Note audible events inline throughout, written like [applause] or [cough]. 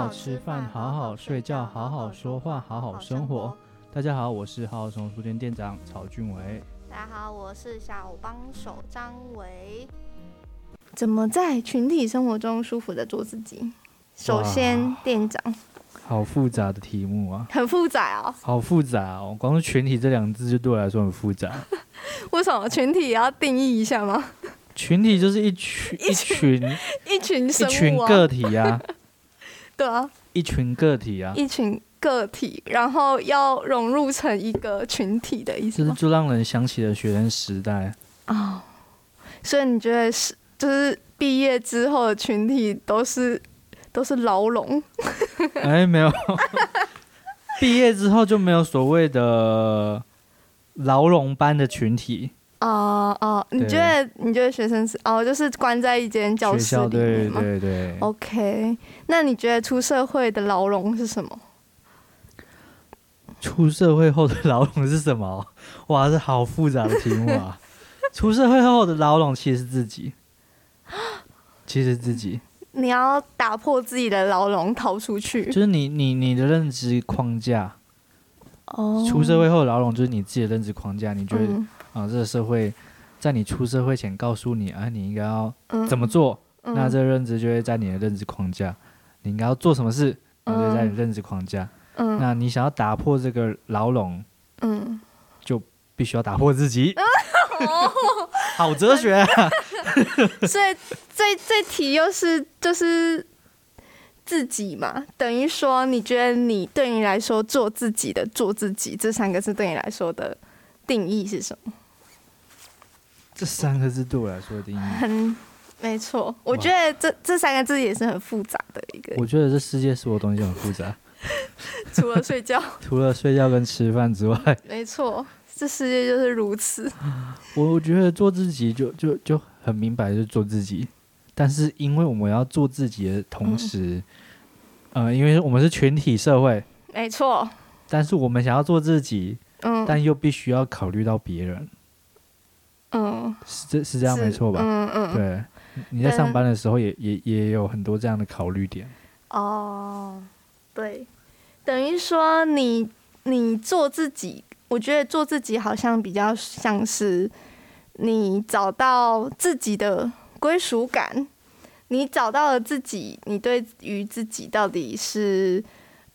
好好吃飯，好好睡覺，好好說話，好好生活。好好生活。大家好，我是好好生活書店店長曹俊偉。大家好，我是小幫手張維。怎麼在群體生活中舒服的做自己？首先，哇店長。好複雜的題目啊！很複雜哦。好複雜哦！光是“群體”這兩字就對我來說很複雜。 [laughs] 為什麼“群體”也要定義一下嗎？群體就是一群一群一群， [laughs] 一，群、啊、一群個體啊。 [laughs] 對啊，一群個體啊，一群個體，然後要融入成一個群體的意思。就是就讓人想起了學生時代。哦，所以你覺得是就是畢業之後的群體都是都是牢籠？哎，沒有，畢業之後就沒有所謂的牢籠般的群體。哦哦，uh, uh, 對你覺得你覺得學生是哦，oh, 就是關在一間教室裡面嗎？學校對對對。OK，那你覺得出社會的牢籠是什麼？出社會後的牢籠是什麼？哇，這好複雜的題目啊！ [laughs] 出社會後的牢籠其實是自己，其實自己、嗯。你要打破自己的牢籠，逃出去。就是你你你的認知框架。哦。Oh. 出社會後的牢籠就是你自己的認知框架，你覺得？嗯啊，這個社會在你出社會前告訴你，啊，你應該要怎麼做。嗯、那這個認知就會在你的認知框架，嗯、你應該要做什麼事，嗯、就會在你認知框架。嗯，那你想要打破這個牢籠，嗯，就必須要打破自己。嗯、 [laughs] 好哲學、啊、對 [laughs] 所以這這題又是就是自己嘛，等於說你覺得你對你來說做自己的做自己這三個字對你來說的定義是什麼？這三個字對我來說的定義很沒錯，我覺得這哇這三個字也是很複雜的一個。我覺得這世界所有東西很複雜， [laughs] 除了睡覺， [laughs] 除了睡覺跟吃飯之外，沒錯，這世界就是如此。我我覺得做自己就就就很明白，就是做自己。但是因為我們要做自己的同時，嗯、呃，因為我們是群體社會，沒錯。但是我們想要做自己，嗯，但又必須要考慮到別人。嗯，是是這樣沒錯吧？嗯嗯。嗯對，你在上班的時候也但也也有很多這樣的考慮點。哦，對，等於說你你做自己，我覺得做自己好像比較像是你找到自己的歸屬感，你找到了自己，你對於自己到底是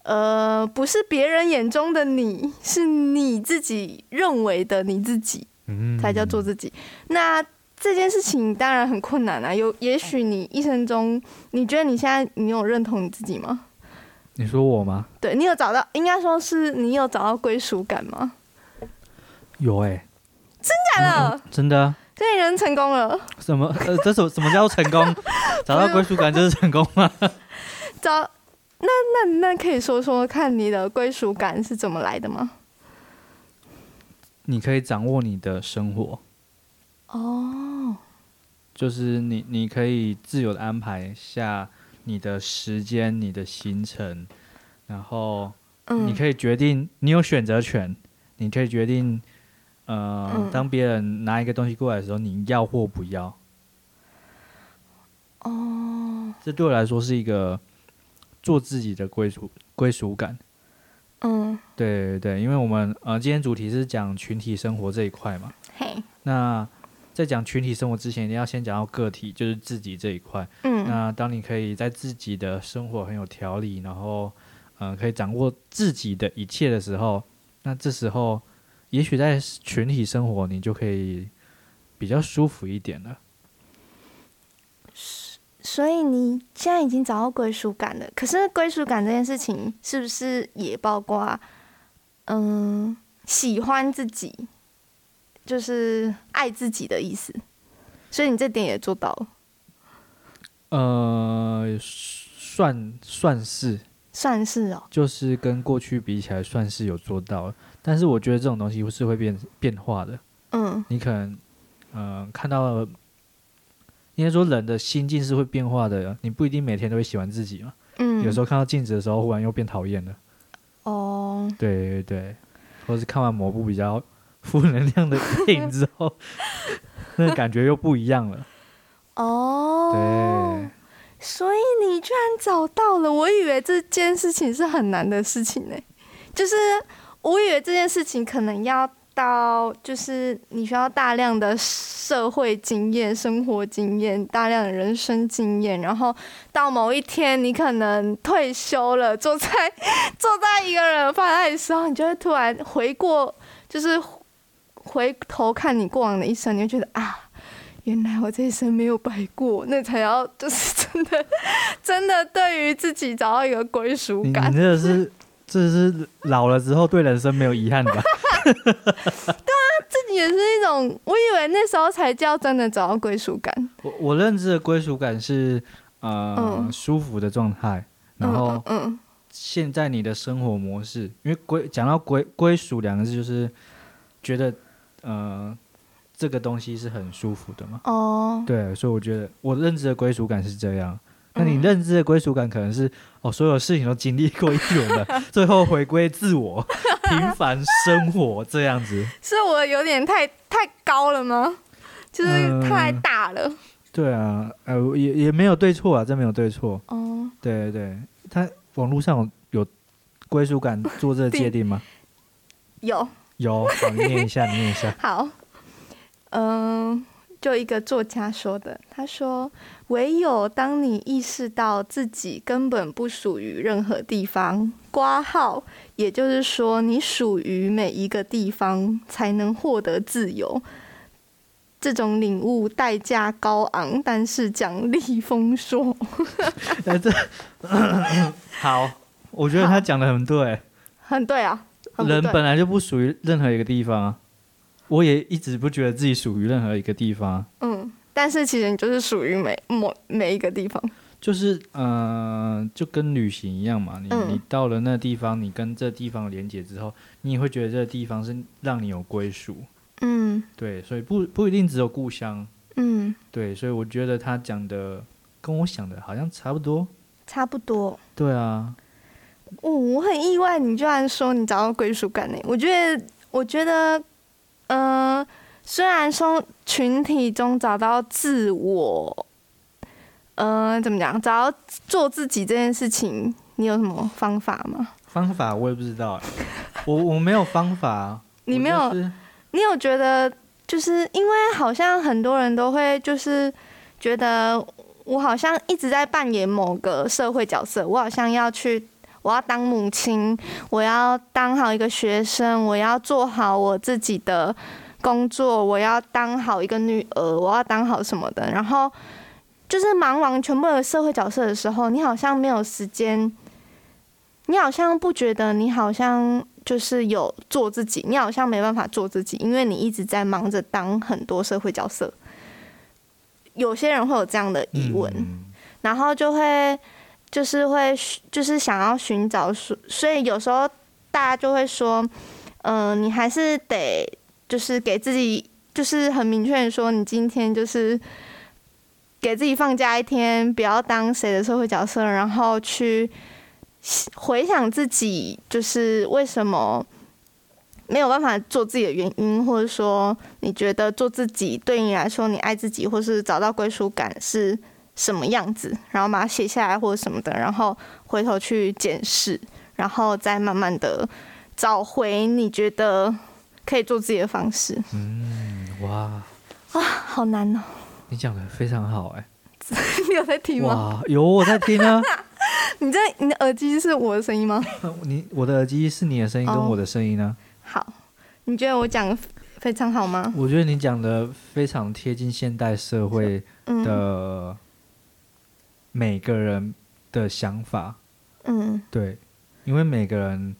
呃不是別人眼中的你，是你自己認為的你自己，才叫做自己。嗯嗯。那，這件事情當然很困難啊。有，也許你一生中，你覺得你現在你有認同你自己嗎？你說我嗎？對，你有找到，應該說是你有找到歸屬感嗎？有哎、欸嗯嗯。真的？真的。所以人成功了。什麼？呃、這什麼？什麼叫成功？ [laughs] 找到歸屬感就是成功嗎？ [laughs] 找，那那那可以說說看你的歸屬感是怎麼來的嗎？你可以掌握你的生活，哦，oh. 就是你，你可以自由的安排一下你的時間、你的行程，然後你可以決定，um. 你有選擇權，你可以決定，呃，um. 當別人拿一個東西過來的時候，你要或不要。哦，oh. 這對我來說是一個做自己的歸屬歸屬感。嗯，對對對，因為我們呃今天主題是講群體生活這一塊嘛，嘿，那在講群體生活之前，一定要先講到個體，就是自己這一塊。嗯，那當你可以在自己的生活很有條理，然後嗯、呃、可以掌握自己的一切的時候，那這時候也許在群體生活，你就可以比較舒服一點了。所以你現在已經找到歸屬感了，可是歸屬感這件事情是不是也包括，嗯、呃，喜歡自己，就是愛自己的意思，所以你這點也做到了。呃，算算是算是哦，就是跟過去比起來算是有做到了，但是我覺得這種東西不是會變變化的。嗯，你可能嗯、呃，看到了。應該說，人的心境是會變化的，你不一定每天都會喜歡自己嘛。嗯，有時候看到鏡子的時候，忽然又變討厭了。哦，對對對，或是看完某部比較負能量的電影之後， [laughs] [laughs] 那感覺又不一樣了。哦，對，所以你居然找到了，我以為這件事情是很難的事情呢、欸，就是我以為這件事情可能要。到就是你需要大量的社會經驗、生活經驗、大量的人生經驗，然後到某一天你可能退休了，坐在坐在一個人發呆的時候，你就會突然回過，就是回頭看你過往的一生，你就覺得啊，原來我這一生沒有白過，那才要就是真的真的對於自己找到一個歸屬感。你這是這是老了之後對人生沒有遺憾吧？ [laughs] [laughs] [laughs] 對啊，自己也是一種。我以為那時候才叫真的找到歸屬感。我我認知的歸屬感是，呃、嗯，舒服的狀態。然後，嗯，嗯嗯，現在你的生活模式，因為歸講到歸歸屬兩個字，就是覺得，嗯、呃、這個東西是很舒服的嘛。哦，對，所以我覺得我認知的歸屬感是這樣。那你認知的歸屬感可能是哦，所有事情都經歷過一輪了， [laughs] 最後回歸自我， [laughs] 平凡生活這樣子。是，我有點太太高了嗎？就是太大了。嗯、對啊，呃，也也沒有對錯啊，真沒有對錯。哦，對對他網絡上有歸屬感做這個界定嗎？有、嗯、有，我，哦，念一下， [laughs] 你念一下。好，嗯。就一個作家說的，他說：“唯有當你意識到自己根本不屬於任何地方，括號，也就是說，你屬於每一個地方，才能獲得自由。”這種領悟代價高昂，但是獎勵豐碩。好，我覺得他講的很對，很對啊！對人本來就不屬於任何一個地方啊。我也一直不覺得自己屬於任何一個地方。嗯，但是其實你就是屬於每某每一個地方。就是呃，就跟旅行一樣嘛，你、嗯、你到了那地方，你跟這地方連接之後，你也會覺得這地方是讓你有歸屬。嗯，對，所以不不一定只有故鄉。嗯，對，所以我覺得他講的跟我想的好像差不多。差不多。對啊。我、哦、我很意外，你居然說你找到歸屬感呢？我覺得，我覺得。嗯、呃，雖然從群體中找到自我，嗯、呃，怎麼講？找到做自己這件事情，你有什麼方法嗎？方法我也不知道， [laughs] 我我沒有方法。你沒有？就是、你有覺得？就是因為好像很多人都會，就是覺得我好像一直在扮演某個社會角色，我好像要去。我要當母親，我要當好一個學生，我要做好我自己的工作，我要當好一個女兒，我要當好什麼的。然後就是忙完全部的社會角色的時候，你好像沒有時間，你好像不覺得，你好像就是有做自己，你好像沒辦法做自己，因為你一直在忙着當很多社會角色。有些人會有這樣的疑問，嗯。然後就會。就是會，就是想要尋找，所所以有時候大家就會說，嗯、呃，你還是得就是給自己，就是很明確的說，你今天就是給自己放假一天，不要當誰的社會角色，然後去回想自己就是為什麼沒有辦法做自己的原因，或者說你覺得做自己對你來說，你愛自己，或是找到歸屬感是。什麼樣子，然後把它寫下來或者什麼的，然後回頭去檢視，然後再慢慢的找回你覺得可以做自己的方式。嗯，哇，啊，好難哦、喔。你講的非常好哎、欸， [laughs] 你有在聽嗎？有，我在聽呢。 [laughs] 你在你的耳機是我的聲音嗎？ [laughs] 你我的耳機是你的聲音跟我的聲音呢。Oh, 好，你覺得我講的非常好嗎？我覺得你講的非常貼近現代社會的。嗯每個人的想法，嗯，對，因為每個人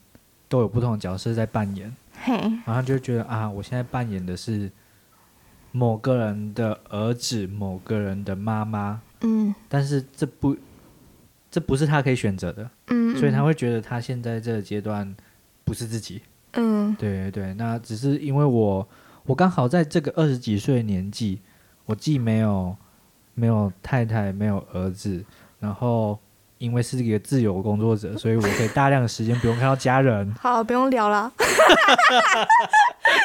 都有不同的角色在扮演，嘿，然後就覺得啊，我現在扮演的是某個人的兒子，某個人的媽媽，嗯，但是這不，這不是他可以選擇的，嗯，嗯，所以他會覺得他現在這個階段不是自己，嗯，對對對，那只是因為我我剛好在這個二十幾歲的年紀，我既沒有。沒有太太，沒有兒子，然後因為是一個自由工作者，所以我可以大量的時間不用看到家人。好，不用聊了。 [laughs]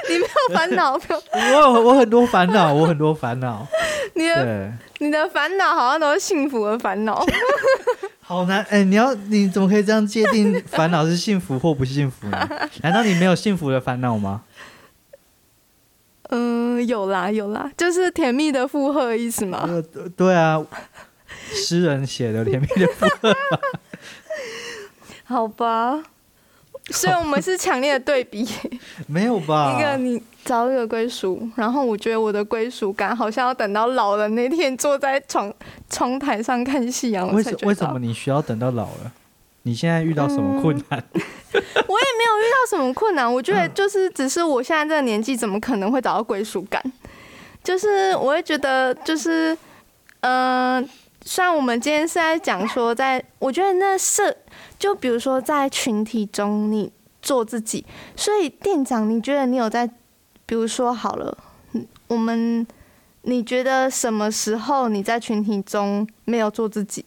你沒有煩惱，沒有。我有，我很多煩惱，我很多煩惱。你的對你的煩惱好像都是幸福的煩惱。 [laughs] [laughs] 好難，哎、欸，你要你怎麼可以這樣界定煩惱是幸福或不幸福呢？難道你沒有幸福的煩惱嗎？嗯，有啦有啦，就是甜蜜的負荷的意思嘛、呃。對啊，詩人寫的甜蜜的負荷， [laughs] 好吧。所以，我們是強烈的對比。哦、 [laughs] 沒有吧？那個你找一個歸屬，然後我覺得我的歸屬感好像要等到老了那天，坐在窗窗臺上看夕陽。為什麼為什麼你需要等到老了？你現在遇到什麼困難？嗯我也沒有遇到什麼困難，我覺得就是只是我現在這個年紀，怎麼可能會找到歸屬感？就是我會覺得，就是嗯、呃，雖然我們今天是在講說在，在我覺得那是就比如說在群體中你做自己，所以店長，你覺得你有在，比如說好了，我們你覺得什麼時候你在群體中沒有做自己？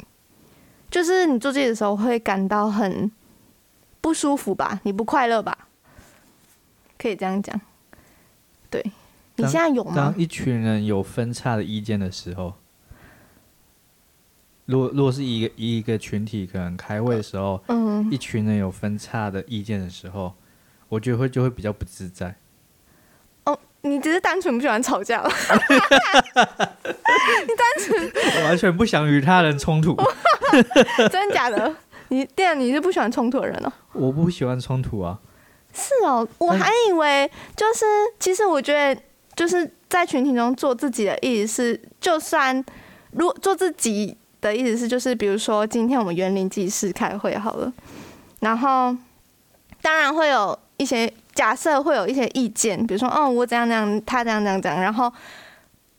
就是你做自己的時候會感到很。不舒服吧？你不快樂吧？可以這樣講。對，當你現在有嗎？當一群人有分叉的意見的時候，如果如果是一個一個群體，可能開會的時候，啊、嗯，一群人有分叉的意見的時候，我覺得會就會比較不自在。哦，你只是單純不喜歡吵架了。 [laughs] [laughs] 你單純 [laughs] 我完全不想與他人衝突。真假的？ [laughs] 你對啊，你是不喜歡衝突的人哦、啊。我不喜歡衝突啊。是哦，我還以為就是，是其實我覺得就是在群體中做自己的意思是，就算如做自己的意思是，就是比如說今天我們員林紀事開會好了，然後當然會有一些假設，會有一些意見，比如說，哦我怎樣怎樣，他怎樣怎樣，樣，然後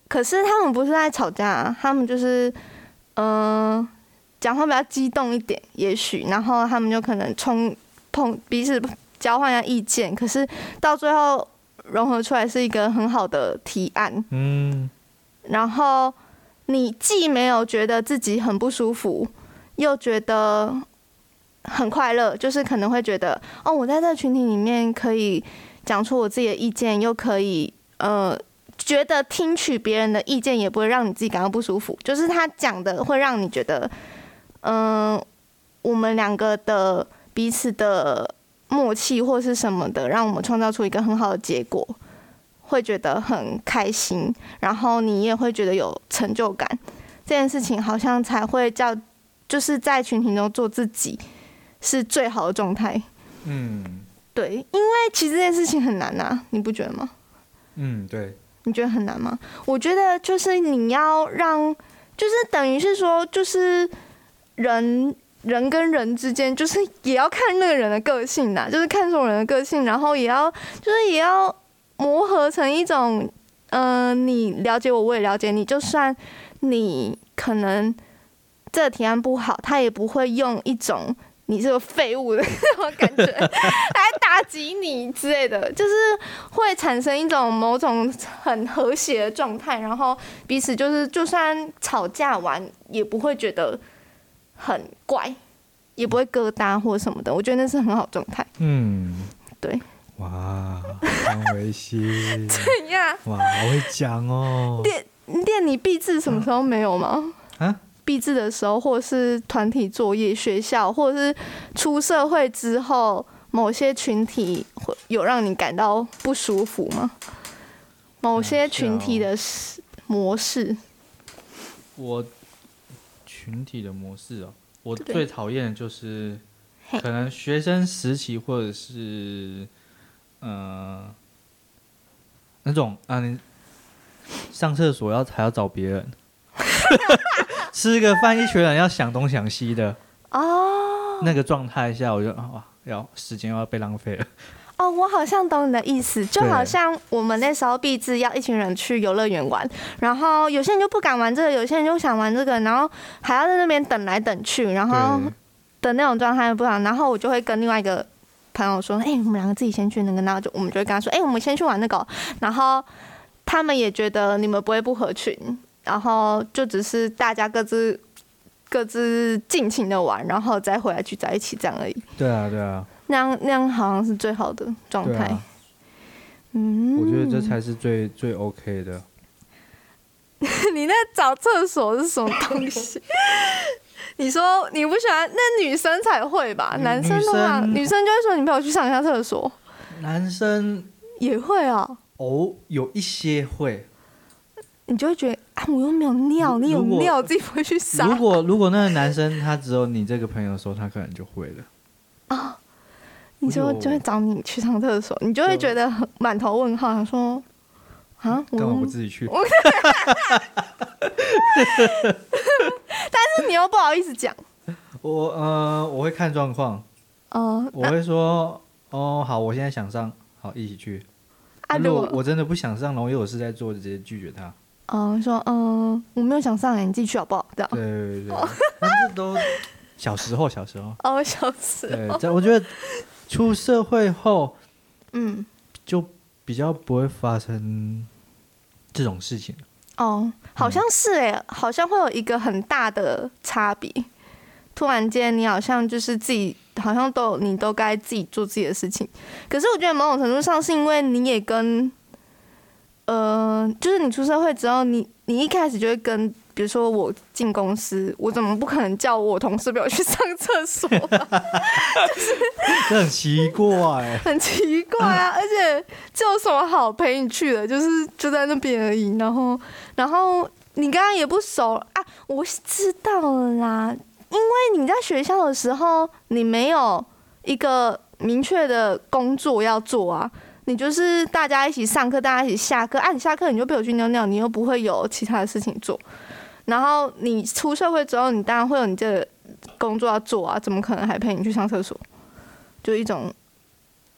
可是他們不是在吵架，他們就是嗯。呃講話比較激動一點，也許，然後他們就可能衝碰彼此交換一下意見，可是到最後融合出來是一個很好的提案。嗯，然後你既沒有覺得自己很不舒服，又覺得很快樂，就是可能會覺得哦，我在這個群體裡面可以講出我自己的意見，又可以呃覺得聽取別人的意見，也不會讓你自己感到不舒服。就是他講的會讓你覺得。嗯，呃、我們兩個的彼此的默契，或是什麼的，讓我們創造出一個很好的結果，會覺得很開心，然後你也會覺得有成就感。這件事情好像才會叫，就是在群體中做自己是最好的狀態。嗯，對，因為其實這件事情很難吶、啊，你不覺得嗎？嗯，對，你覺得很難嗎？我覺得就是你要讓，就是等於是說，就是。人人跟人之間，就是也要看那個人的個性吶、啊,就是看這種人的個性，然後也要就是也要磨合成一種，嗯、呃，你了解我，我也了解你。就算你可能這個提案不好，他也不會用一種“你是個廢物”的那 [laughs] 種感覺來打擊你之類的，就是會產生一種某種很和諧的狀態，然後彼此就是就算吵架完也不會覺得。很怪，也不會疙瘩或什麼的，我覺得那是很好狀態。嗯，對。哇，很溫馨。 [laughs] 怎樣？哇，好會講哦。練練你，你畢製什麼時候沒有嗎？啊，啊畢製的時候，或者是團體作業、學校，或者是出社會之後，某些群體會有讓你感到不舒服嗎？某些群體的模式。我。群體的模式哦，我最討厭的就是，吧可能學生時期或者是，嗯、呃、那種啊，你，上廁所要還要找別人， [laughs] 吃個飯一群人要想東想西的，哦，那個狀態下，我就，啊，哇，要時間又要被浪費了。哦，我好像懂你的意思，就好像我們那時候畢旅要一群人去遊樂園玩，對然後有些人就不敢玩這個，有些人就想玩這個，然後還要在那邊等來等去，然後的那種狀態不好，然後我就會跟另外一個朋友說：“哎對、欸，我們兩個自己先去那個，然後就我們就會跟他說：‘哎、欸，我們先去玩那個、喔。’然後他們也覺得你們不會不合群，然後就只是大家各自各自盡情的玩，然後再回來聚在一起這樣而已。對啊，對啊。那樣那樣好像是最好的狀態。啊、嗯，我覺得這才是最最 OK 的。你在找廁所是什麼東西？ [laughs] 你說你不喜歡，那女生才會吧？女男生通常女，生女生就會說：“你陪我去上一下廁所。”男生也會啊。哦，有一些會。你就會覺得啊，我又沒有尿，果你有尿自己不會去上。如果如果那個男生他只有你這個朋友的時候，他可能就會了啊。你就就會找你去上廁所，你就會覺得滿頭問號。他說：“啊，幹嘛不自己去？”但是你又不好意思講。我呃，我會看狀況。哦，我會說：“哦，好，我現在想上，好一起去。”如果我真的不想上，然後又有事在做，就直接拒絕他。哦，說：“嗯，我沒有想上，你自己去好不好？”對對對。但是都小時候，小時候哦，小時候。對，我覺得。出社會後，嗯，就比較不會發生這種事情哦，好像是哎、欸，嗯，好像會有一個很大的差別。突然間，你好像就是自己，好像都你都該自己做自己的事情。可是，我覺得某種程度上是因為你也跟，呃，就是你出社會之後，你你一開始就會跟。比如說我進公司，我怎麼不可能叫我同事陪我去上廁所啊？這很奇怪，很奇怪啊！而且這有什麼好陪你去的？就是就在那邊而已。然後，然後你剛剛也不熟啊。我知道了啦，因為你在學校的時候，你沒有一個明確的工作要做啊。你就是大家一起上課，大家一起下課。啊。你下課你就陪我去尿尿，你又不會有其他的事情做。然後你出社會之後，你當然會有你這個工作要做啊，怎麼可能還陪你去上廁所？就一種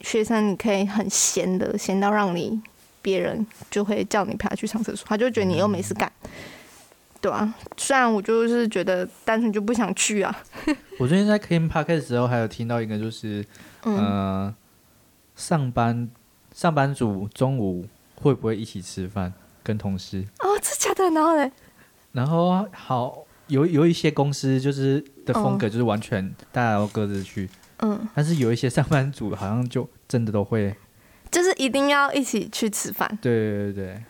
學生，你可以很閒的，閒到讓你別人就會叫你陪他去上廁所，他就覺得你又沒事幹，嗯、對啊，雖然我就是覺得單純就不想去啊。 [laughs] 我最近在 K M p a c k 的時候，還有聽到一個就是，呃、嗯上，上班上班族中午會不會一起吃飯跟同事？哦，這假的，然後嘞？然後好有有一些公司就是的風格就是完全大家都各自去，嗯，但是有一些上班族好像就真的都會，就是一定要一起去吃飯。對對對。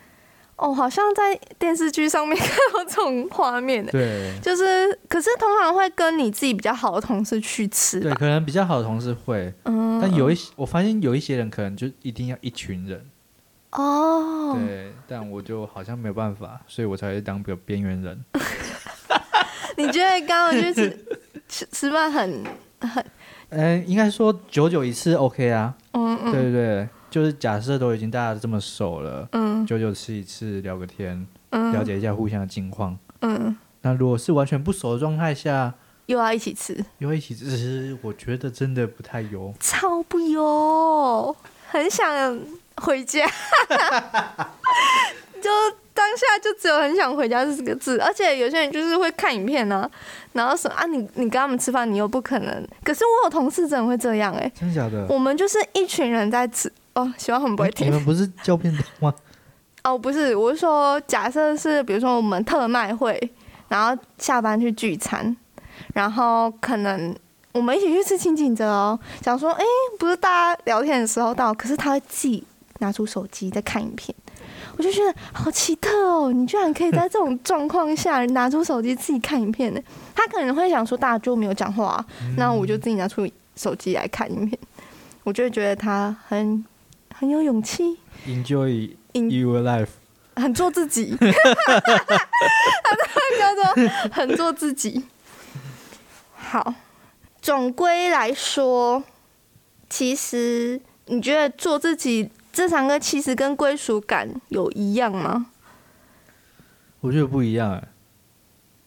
哦，好像在電視劇上面看到這種畫面呢，對，就是可是通常會跟你自己比較好的同事去吃，對，可能比較好的同事會，嗯，但有一些、嗯、我發現有一些人可能就一定要一群人。哦，oh，對，但我就好像沒有辦法，所以我才會當比較邊緣人。 [laughs] 你覺得剛剛就是 [laughs] 吃吃飯很很？嗯、欸，應該說久久一次 OK 啊。嗯嗯，對對對，就是假設都已經大家這麼熟了，嗯，久久吃一次聊個天，嗯、了解一下互相的近況，嗯。那如果是完全不熟的狀態下，又要一起吃，又要一起吃，我覺得真的不太優，超不優，很想。 [laughs] 回家， [laughs] 就當下就只有很想回家這四個字，而且有些人就是會看影片呢、啊，然後說啊，你你跟他們吃飯，你又不可能。可是我有同事真的會這樣哎、欸，真的假的？我們就是一群人在吃哦，希望很不會聽、欸。你們不是教片的話哦，不是，我是說假設是，比如說我們特賣會，然後下班去聚餐，然後可能我們一起去吃清景澤哦，想說哎、欸，不是大家聊天的時候到，可是他會記。拿出手機在看影片，我就覺得好奇特哦、喔！你居然可以在這種狀況下拿出手機自己看影片呢？他可能會想說，大家都沒有講話，那我就自己拿出手機來看影片。嗯、我就會覺得他很很有勇氣，enjoy your life，In, 很做自己，叫做很做自己。好，總歸來說，其實你覺得做自己，這三個其實跟歸屬感有一樣嗎？我覺得不一樣哎，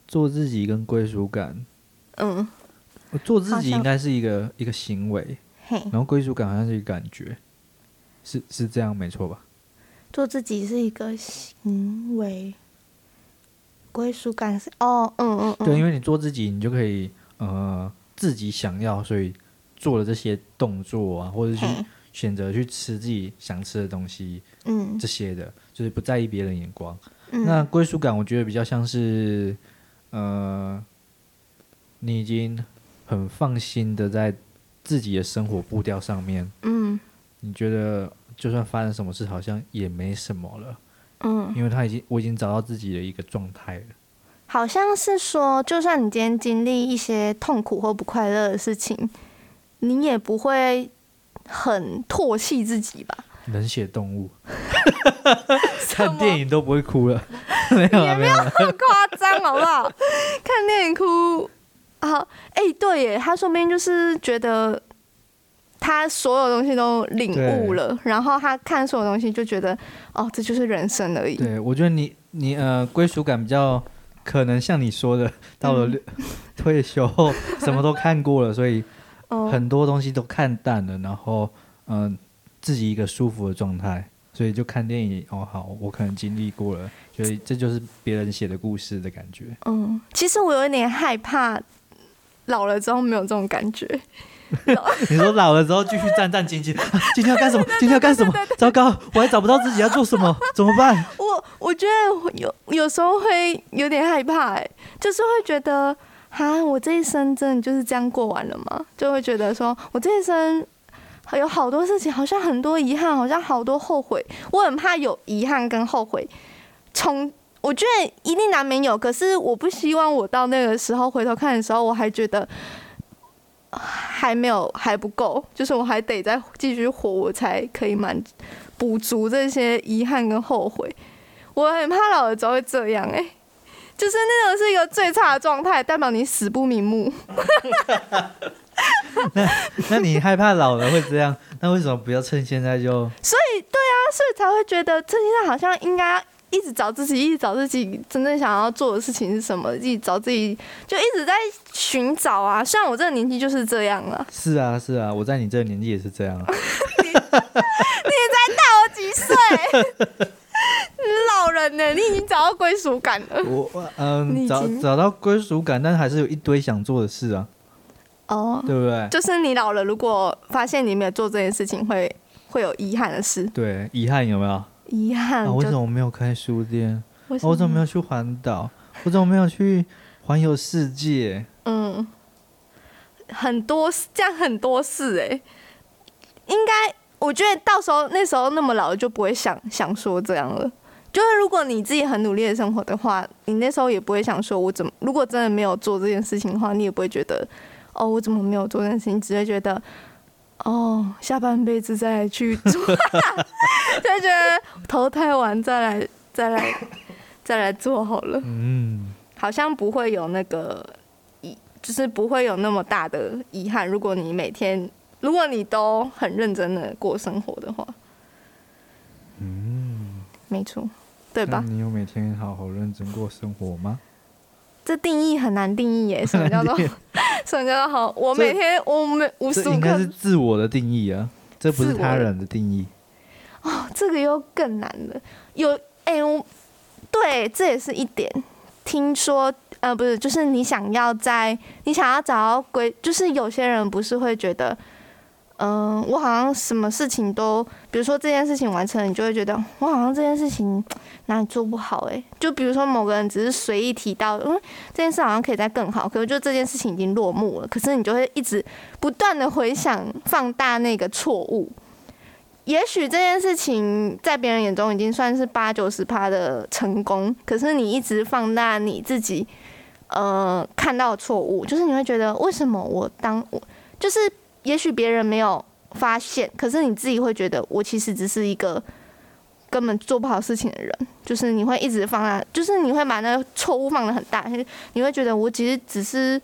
做自己跟歸屬感，嗯，做自己應該是一個像一個行為，嘿然後歸屬感好像是一個感覺，是是這樣沒錯吧？做自己是一個行為，歸屬感是哦，嗯嗯,嗯，對，因為你做自己，你就可以呃自己想要，所以做了這些動作啊，嗯、或者是。選擇去吃自己想吃的東西，嗯，這些的就是不在意別人眼光。嗯、那歸屬感，我覺得比較像是，呃，你已經很放心的在自己的生活步調上面，嗯，你覺得就算發生什麼事，好像也沒什麼了，嗯，因為他已經，我已經找到自己的一個狀態了。好像是說，就算你今天經歷一些痛苦或不快樂的事情，你也不會。很唾棄自己吧，冷血動物， [laughs] 看電影都不會哭了， [laughs] 麼 [laughs] 沒有沒啦有，也不要那麼誇張好不好？ [laughs] 看電影哭啊？哎、欸，對耶，他說不定就是覺得他所有東西都領悟了，對然後他看所有東西就覺得，哦，這就是人生而已。對，我覺得你你呃歸屬感比較可能像你說的，到了退休後什麼都看過了， [laughs] 所以。很多東西都看淡了，然後嗯，自己一個舒服的狀態，所以就看電影哦。好，我可能經歷過了，所以這就是別人寫的故事的感覺。嗯，其實我有一點害怕，老了之後沒有這種感覺。 [laughs] 你說老了之後繼續戰戰兢兢，今天要幹什麼？今天要幹什麼？ [laughs] 糟糕，我還找不到自己要做什麼， [laughs] 怎麼辦？我我覺得有有時候會有點害怕，欸，哎，就是會覺得。啊！我這一生真的就是這樣過完了嗎？就會覺得說，我這一生有好多事情，好像很多遺憾，好像好多後悔。我很怕有遺憾跟後悔，從我覺得一定難免有，可是我不希望我到那個時候回頭看的時候，我還覺得還沒有還不夠，就是我還得再繼續活，我才可以滿補足這些遺憾跟後悔。我很怕老了之後會這樣哎、欸。就是那種是一個最差的狀態，代表你死不瞑目。 [laughs] [laughs] 那，那你害怕老了會這樣？那為什麼不要趁現在就？所以，對啊，所以才會覺得趁現在好像應該一直找自己，一直找自己真正想要做的事情是什麼，一直找自己，就一直在尋找啊。像我這個年紀就是這樣了。是啊，是啊，我在你這個年紀也是這樣。 [laughs] [laughs] 你，你才大我幾歲？ [laughs] 老人呢？欸？你已經找到歸屬感了。我嗯，找找到歸屬感，但還是有一堆想做的事啊。哦，oh, 對不對？就是你老了，如果發現你沒有做這件事情，會會有遺憾的事。對，遺憾有沒有？遺憾，啊。我怎麼沒有開書店為什麼？啊？我怎麼沒有去環島？我怎麼沒有去環遊世界？嗯，很多這樣很多事哎，欸，應該我覺得到時候那時候那麼老了，就不會想想說這樣了。就是如果你自己很努力的生活的話，你那時候也不會想說，我怎麼如果真的沒有做這件事情的話，你也不會覺得，哦，我怎麼沒有做這件事情，你只會覺得，哦，下半輩子再來去做，再 [laughs] [laughs] 覺得投胎完再來再來再來做好了，嗯，好像不會有那個遺，就是不會有那麼大的遺憾。如果你每天如果你都很認真的過生活的話，嗯，沒錯。對吧？你有每天好好認真過生活嗎？這定義很難定義耶、欸。什麼叫做 [laughs] 對 什麼叫做好？我每天這我沒無數個，這應該是自我的定義啊，這不是他人的定義。哦，這個又更難了。有哎、欸，我對，這也是一點。聽說呃，不是，就是你想要在，你想要找到歸，就是有些人不是會覺得。嗯、呃，我好像什麼事情都，比如說這件事情完成了，你就會覺得我好像這件事情哪裡做不好誒、欸，就比如說某個人只是隨意提到，嗯，這件事好像可以再更好，可是就這件事情已經落幕了。可是你就會一直不斷的回想，放大那個錯誤。也許這件事情在別人眼中已經算是八九十趴的成功，可是你一直放大你自己呃看到錯誤，就是你會覺得為什麼我當我就是。也許別人沒有發現，可是你自己會覺得，我其實只是一個根本做不好事情的人。就是你會一直放在，就是你會把那個錯誤放得很大，你會覺得我其實只是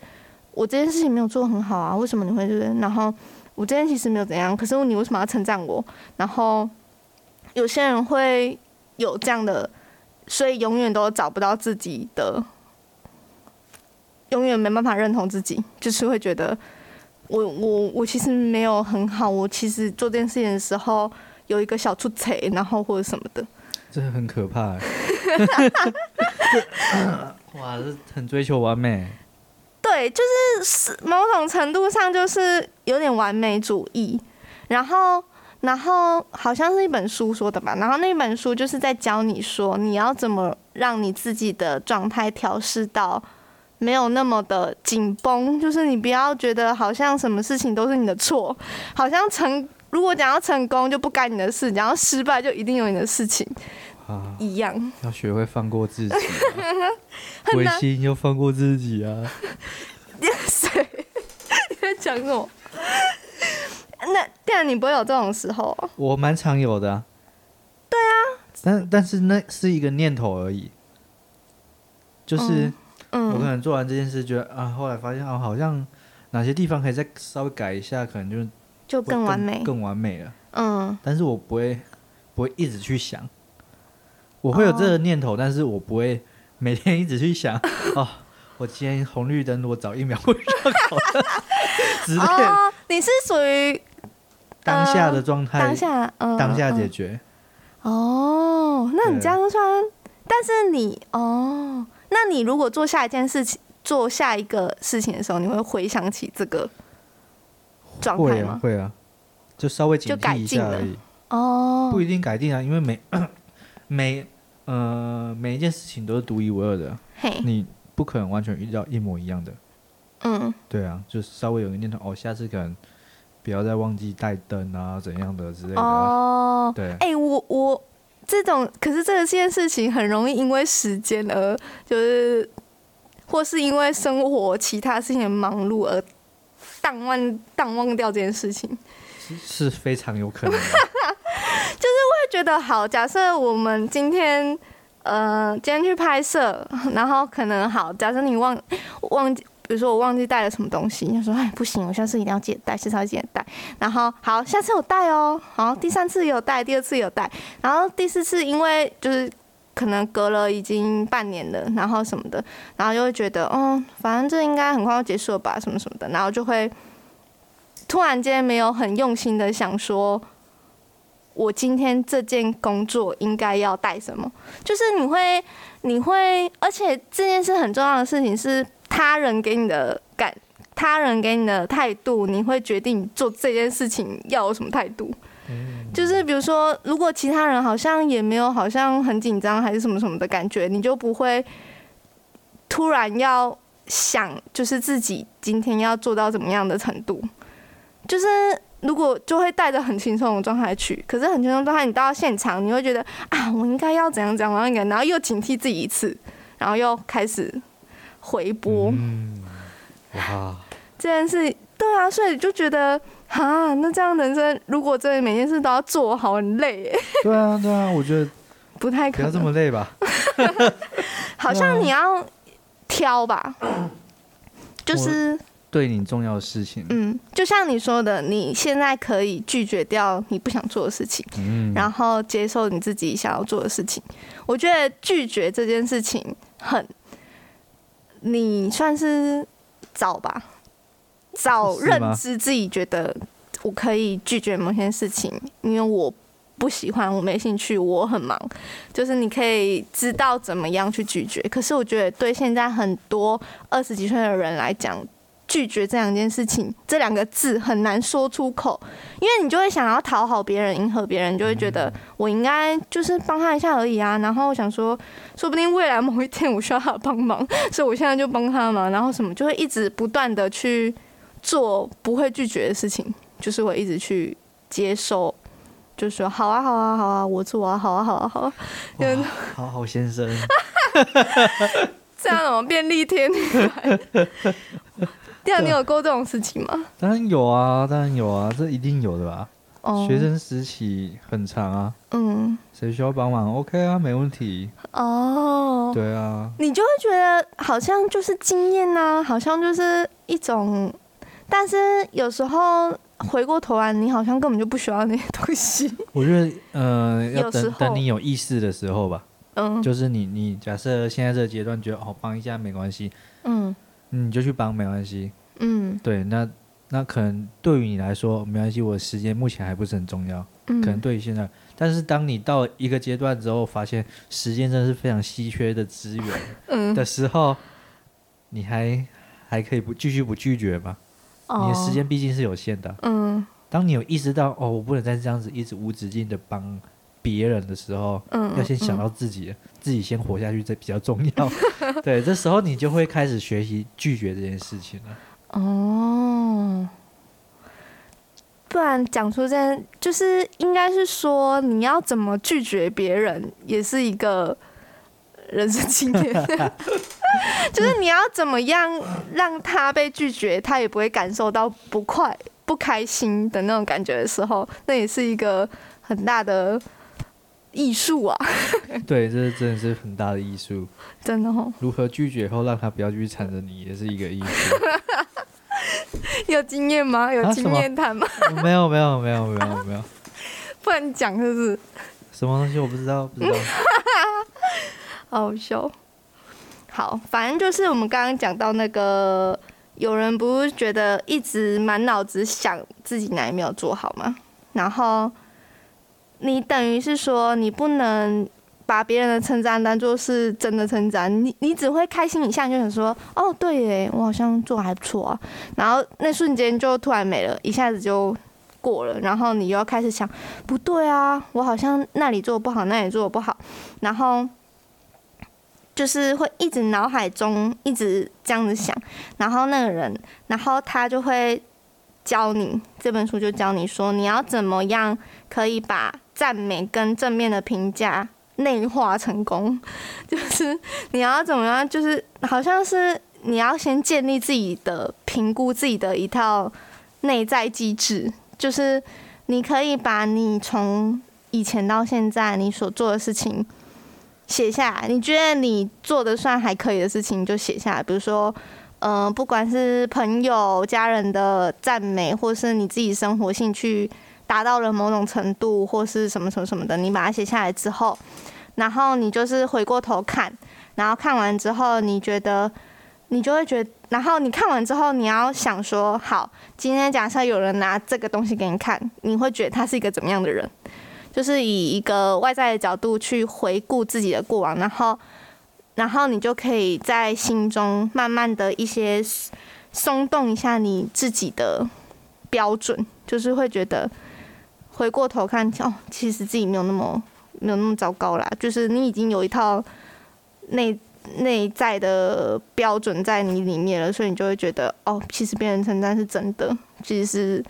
我這件事情沒有做很好啊，為什麼你會覺得？然後我這件事其實沒有怎樣，可是你為什麼要稱讚我？然後有些人會有這樣的，所以永遠都找不到自己的，永遠沒辦法認同自己，就是會覺得。我我我其實沒有很好，我其實做這件事情的時候有一個小出差，然後或者什麼的，這很可怕、欸。 [laughs] [laughs] 哇，這很追求完美。對，就是某種程度上就是有點完美主義，然後然後好像是一本書說的吧，然後那本書就是在教你說你要怎麼讓你自己的狀態調試到，沒有那麼的緊繃，就是你不要覺得好像什麼事情都是你的錯，好像成如果想要成功就不該你的事，想要失敗就一定有你的事情，啊，一樣，要學會放過自己、啊，開心 [laughs] 難就放過自己啊！誰？ [laughs] 你在講什麼？那你不會有這種時候、啊，我蠻常有的、啊。對啊，但但是那是一個念頭而已，就是。嗯我可能做完這件事，覺得啊，後來發現啊，好像哪些地方可以再稍微改一下，可能就就更完美，更完美了。嗯，但是我不會不會一直去想，我會有這個念頭，但是我不會每天一直去想。哦，我今天紅綠燈，如果早一秒會繞口的。直你是屬於當下的狀態，當下當下解決。哦，那你這樣穿，但是你哦。那你如果做下一件事情，做下一個事情的時候，你會回想起這個狀態嗎？會啊、會啊，就稍微警惕一下而已哦，不一定改進啊，因為每、哦、每呃每一件事情都是獨一無二的，Hey 你不可能完全遇到一模一樣的，嗯，對啊，就稍微有一點念頭，哦，下次可能不要再忘記帶燈啊怎樣的之類的哦，對，哎、欸，我我。這種可是這件事情很容易因為時間而就是，或是因為生活其他事情的忙碌而，淡忘淡忘掉這件事情，是，是非常有可能。 [laughs] 就是我會覺得好，假設我們今天呃今天去拍攝，然後可能好，假設你忘忘記。比如說我忘記帶了什麼東西，你、就是、說哎、欸、不行，我下次一定要記得帶，至少要記得帶。然後好，下次有帶哦，好，第三次也有帶，第二次也有帶。然後第四次因為就是可能隔了已經半年了，然後什麼的，然後就會覺得嗯，反正這應該很快要結束了吧，什麼什麼的，然後就會突然間沒有很用心的想說，我今天這件工作應該要帶什麼，就是你會你會，而且這件事很重要的事情是。他人給你的感，他人給你的態度，你會決定做這件事情要有什麼態度。就是比如說，如果其他人好像也沒有，好像很緊張還是什麼什麼的感覺，你就不會突然要想，就是自己今天要做到怎麼樣的程度。就是如果就會帶着很輕鬆的狀態去，可是很輕鬆的狀態，你到現場你會覺得啊，我應該要怎樣怎樣，然後又警惕自己一次，然後又開始。回撥、嗯，哇！這件事對啊，所以就覺得啊，那這樣的人生如果真的每件事都要做好，很累耶。對啊，對啊，我覺得不太可能，不要這麼累吧？ [laughs] 好像你要挑吧，嗯、就是對你重要的事情。嗯，就像你說的，你現在可以拒絕掉你不想做的事情，嗯、然後接受你自己想要做的事情。我覺得拒絕這件事情很。你算是早吧？早認知自己，覺得我可以拒絕某些事情，因為我不喜歡，我沒興趣，我很忙，就是你可以知道怎麼樣去拒絕。可是我覺得，對現在很多二十幾歲的人來講。拒絕這兩件事情，這兩個字很難說出口，因為你就會想要討好別人，迎合別人，你就會覺得我應該就是幫他一下而已啊。然後我想說，說不定未來某一天我需要他幫忙，所以我現在就幫他嘛。然後什麼就會一直不斷的去做不會拒絕的事情，就是我一直去接受，就說好啊，好啊，好啊，我做啊，好啊，好啊，好啊，好。好好先生， [laughs] 這樣怎麼變逆天？ [laughs] 這樣你有過這種事情嗎？當然有啊，當然有啊，這一定有的吧。嗯、學生時期很長啊，嗯，誰需要幫忙，OK 啊，沒問題。哦，對啊，你就會覺得好像就是經驗啊，好像就是一種，但是有時候回過頭來，你好像根本就不需要那些東西。我覺得，呃，要等等你有意識的時候吧，嗯，就是你你假設現在這個階段覺得哦，幫一下沒關係，嗯。你就去幫沒關係，嗯，對，那那可能對於你來說沒關係，我的時間目前還不是很重要，嗯、可能對於現在，但是當你到一個階段之後，發現時間真的是非常稀缺的資源，嗯的時候，嗯、你還還可以不繼續不拒絕嗎？哦、你的時間畢竟是有限的，嗯，當你有意識到哦，我不能再這樣子一直無止境的幫。別人的時候，嗯，嗯，嗯，要先想到自己，自己先活下去，這比較重要。對，這時候你就會開始學習拒絕這件事情了。哦，不然講出這樣，就是應該是說，你要怎麼拒絕別人，也是一個人生經驗。 [laughs] 就是你要怎麼樣讓他被拒絕，他也不會感受到不快、不開心的那種感覺的時候，那也是一個很大的。藝術啊， [laughs] 對，這是真的是很大的藝術，真的，哦。如何拒絕後讓他不要繼續纏着你，也是一個藝術。 [laughs] 有經驗嗎？有經驗談嗎？沒有沒有沒有沒有沒有，沒有沒有沒有 [laughs] 不能講是不是？什麼東西？我不知道不知道 [laughs] 好。好笑。好，反正就是我們剛剛講到那個，有人不是覺得一直滿腦子想自己哪裡沒有做好嗎？然後。你等於是說，你不能把別人的稱讚當做是真的稱讚，你你只會開心一下，你就想說，哦，對耶，我好像做得還不錯啊。然後那瞬間就突然沒了，一下子就過了。然後你又要開始想，不對啊，我好像那裡做得不好，那裡做得不好。然後就是會一直腦海中一直這樣子想。然後那個人，然後他就會教你這本書，就教你說你要怎麼樣可以把。讚美跟正面的評價內化成功，就是你要怎麼樣？就是好像是你要先建立自己的評估自己的一套內在機制，就是你可以把你從以前到現在你所做的事情寫下來，你覺得你做的算還可以的事情就寫下來，比如說，嗯，不管是朋友、家人的讚美，或是你自己生活興趣。達到了某種程度，或是什麼什麼什麼的，你把它寫下來之後，然後你就是回過頭看，然後看完之後，你覺得你就會覺得，然後你看完之後，你要想說，好，今天假設有人拿這個東西給你看，你會覺得他是一個怎麼樣的人？就是以一個外在的角度去回顧自己的過往，然後，然後你就可以在心中慢慢的一些鬆動一下你自己的標準，就是會覺得。回過頭看，哦，其實自己沒有那麼沒有那麼糟糕啦。就是你已經有一套內內在的標準在你裡面了，所以你就會覺得，哦，其實別人稱讚是真的。其實，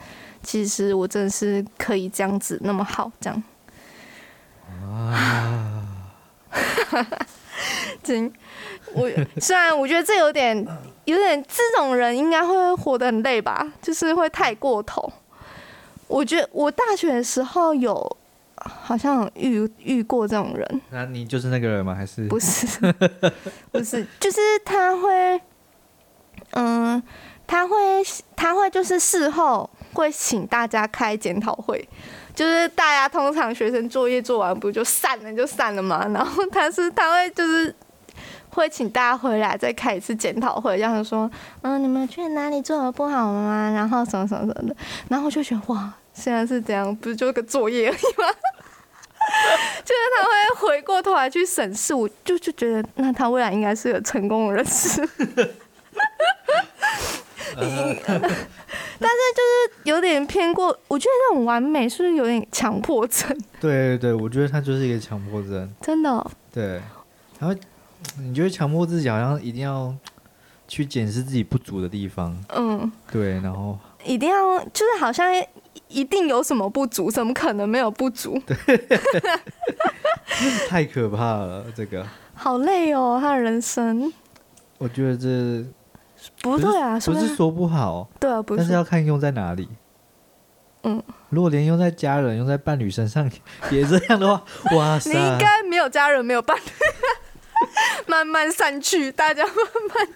其實我真的是可以這樣子那麼好這樣。啊，哈哈，真，我雖然我覺得這有點有點這種人應該會活得很累吧，就是會太過頭。我覺得我大學的時候有好像遇遇過這種人，那你就是那個人嗎？還是，不是不是，就是他會，嗯，他會他會就是事後會請大家開檢討會，就是大家通常學生作業做完不就散了就散了嗎？然後他是他會就是。會請大家回來再開一次檢討會，這樣說，嗯，你們去哪裡做的不好嗎？然後什麼什麼什麼的，然後我就覺得哇，現在是怎樣，不是就個作業而已嗎？ [laughs] 就是他會回過頭來去審視，我就就覺得，那他未來應該是個成功人士。但是就是有點偏過，我覺得那種完美是不是有點強迫症？對，對對，我覺得他就是一個強迫症。真的。對，然後。你覺得強迫自己好像一定要去檢視自己不足的地方，嗯，對，然後一定要就是好像一,一定有什麼不足，怎麼可能沒有不足？對。 [laughs] [laughs] 太可怕了，這個好累哦，他的人生。我覺得這不，不對啊，是吧，不是說不好，對啊，不是，但是要看用在哪裡。嗯，如果連用在家人、用在伴侶身上也這樣的話， [laughs] 哇塞，你應該沒有家人，沒有伴侶。 [laughs] 慢慢散去，大家慢慢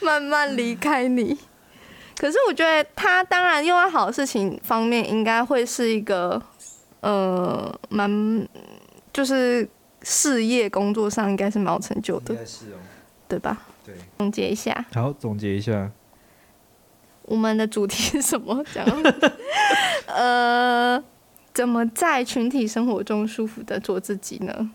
慢慢離開你。可是我覺得他當然，因為好的事情方面，應該會是一個呃，蠻就是事業工作上應該是蠻有成就的，應該是哦，對吧？對，總結一下，好，總結一下，我們的主題是什麼？講 [laughs] 呃，怎麼在群體生活中舒服的做自己呢？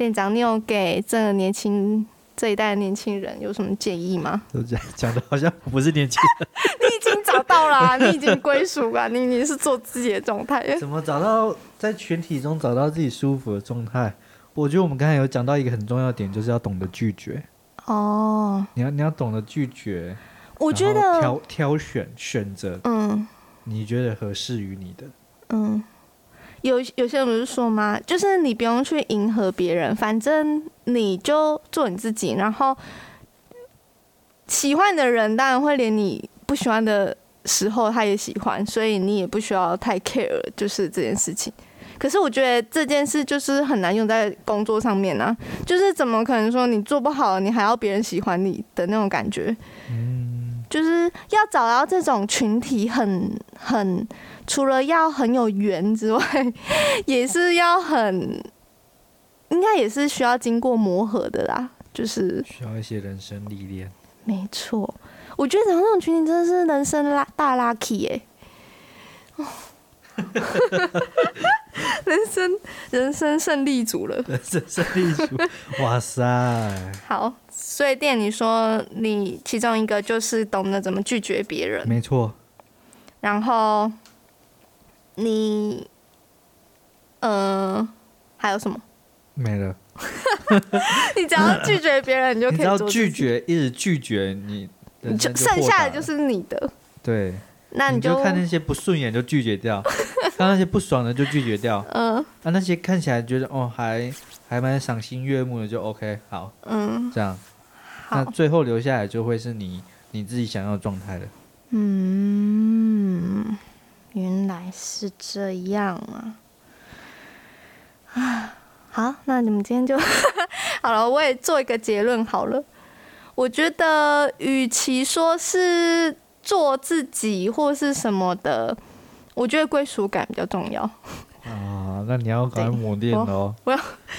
店長，你有給這年輕這一代的年輕人有什麼建議嗎？講講的好像不是年輕人， [laughs] 你已經找到了、啊， [laughs] 你已經歸屬了、啊，你你是做自己的狀態。怎麼找到在群體中找到自己舒服的狀態？我覺得我們剛才有講到一個很重要的點，就是要懂得拒絕。哦。Oh, 你要你要懂得拒絕。我覺得挑挑選選擇，嗯，你覺得合適於你的，嗯。有有些人不是說嗎？就是你不用去迎合別人，反正你就做你自己。然後喜歡你的人當然會連你不喜歡的時候他也喜歡，所以你也不需要太 care，就是這件事情。可是我覺得這件事就是很難用在工作上面啊！就是怎麼可能說你做不好，你還要別人喜歡你的那種感覺？就是要找到這種群體很，很很。除了要很有緣之外，也是要很，應該也是需要經過磨合的啦。就是需要一些人生歷練。沒錯，我覺得你這種群體真的是人生拉大 lucky 耶、欸。 [laughs] [laughs] 人生人生勝利組了。人生勝利組， [laughs] 哇塞！好，所以店你說你其中一個就是懂得怎麼拒絕別人。沒錯錯。然後。你，呃，還有什麼？沒了。 [laughs] 你只要拒絕別人，那你就可以做自己。只要拒絕，一直拒絕你，你剩下的就是你的。對。那你就,你就看那些不順眼就拒絕掉， [laughs] 看那些不爽的就拒絕掉。嗯、呃。啊，那些看起來覺得哦，還還蠻賞心悅目的就 OK。好。嗯。這樣。好那最後留下來就會是你你自己想要的狀態了。嗯。原來是這樣啊！啊，好，那你們今天就 [laughs] 好了。我也做一個結論好了。我覺得，與其說是做自己或是什麼的，我覺得歸屬感比較重要。啊，那你要趕快抹掉哦！我要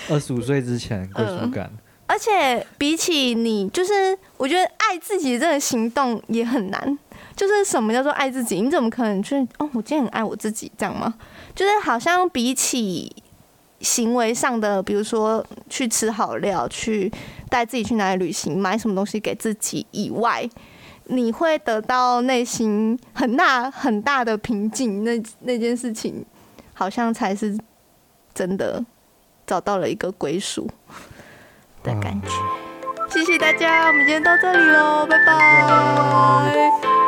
二十五歲之前歸屬、嗯、感。而且，比起你，就是我覺得愛自己這個行動也很難。就是什麼叫做愛自己？你怎麼可能去哦？我今天很愛我自己，這樣嗎？就是好像比起行為上的，比如說去吃好料、去帶自己去哪裡旅行、買什麼東西給自己以外，你會得到內心很大很大的平靜。那那件事情好像才是真的找到了一個歸屬的感覺。謝謝大家，我們今天到這裡嘍，拜拜。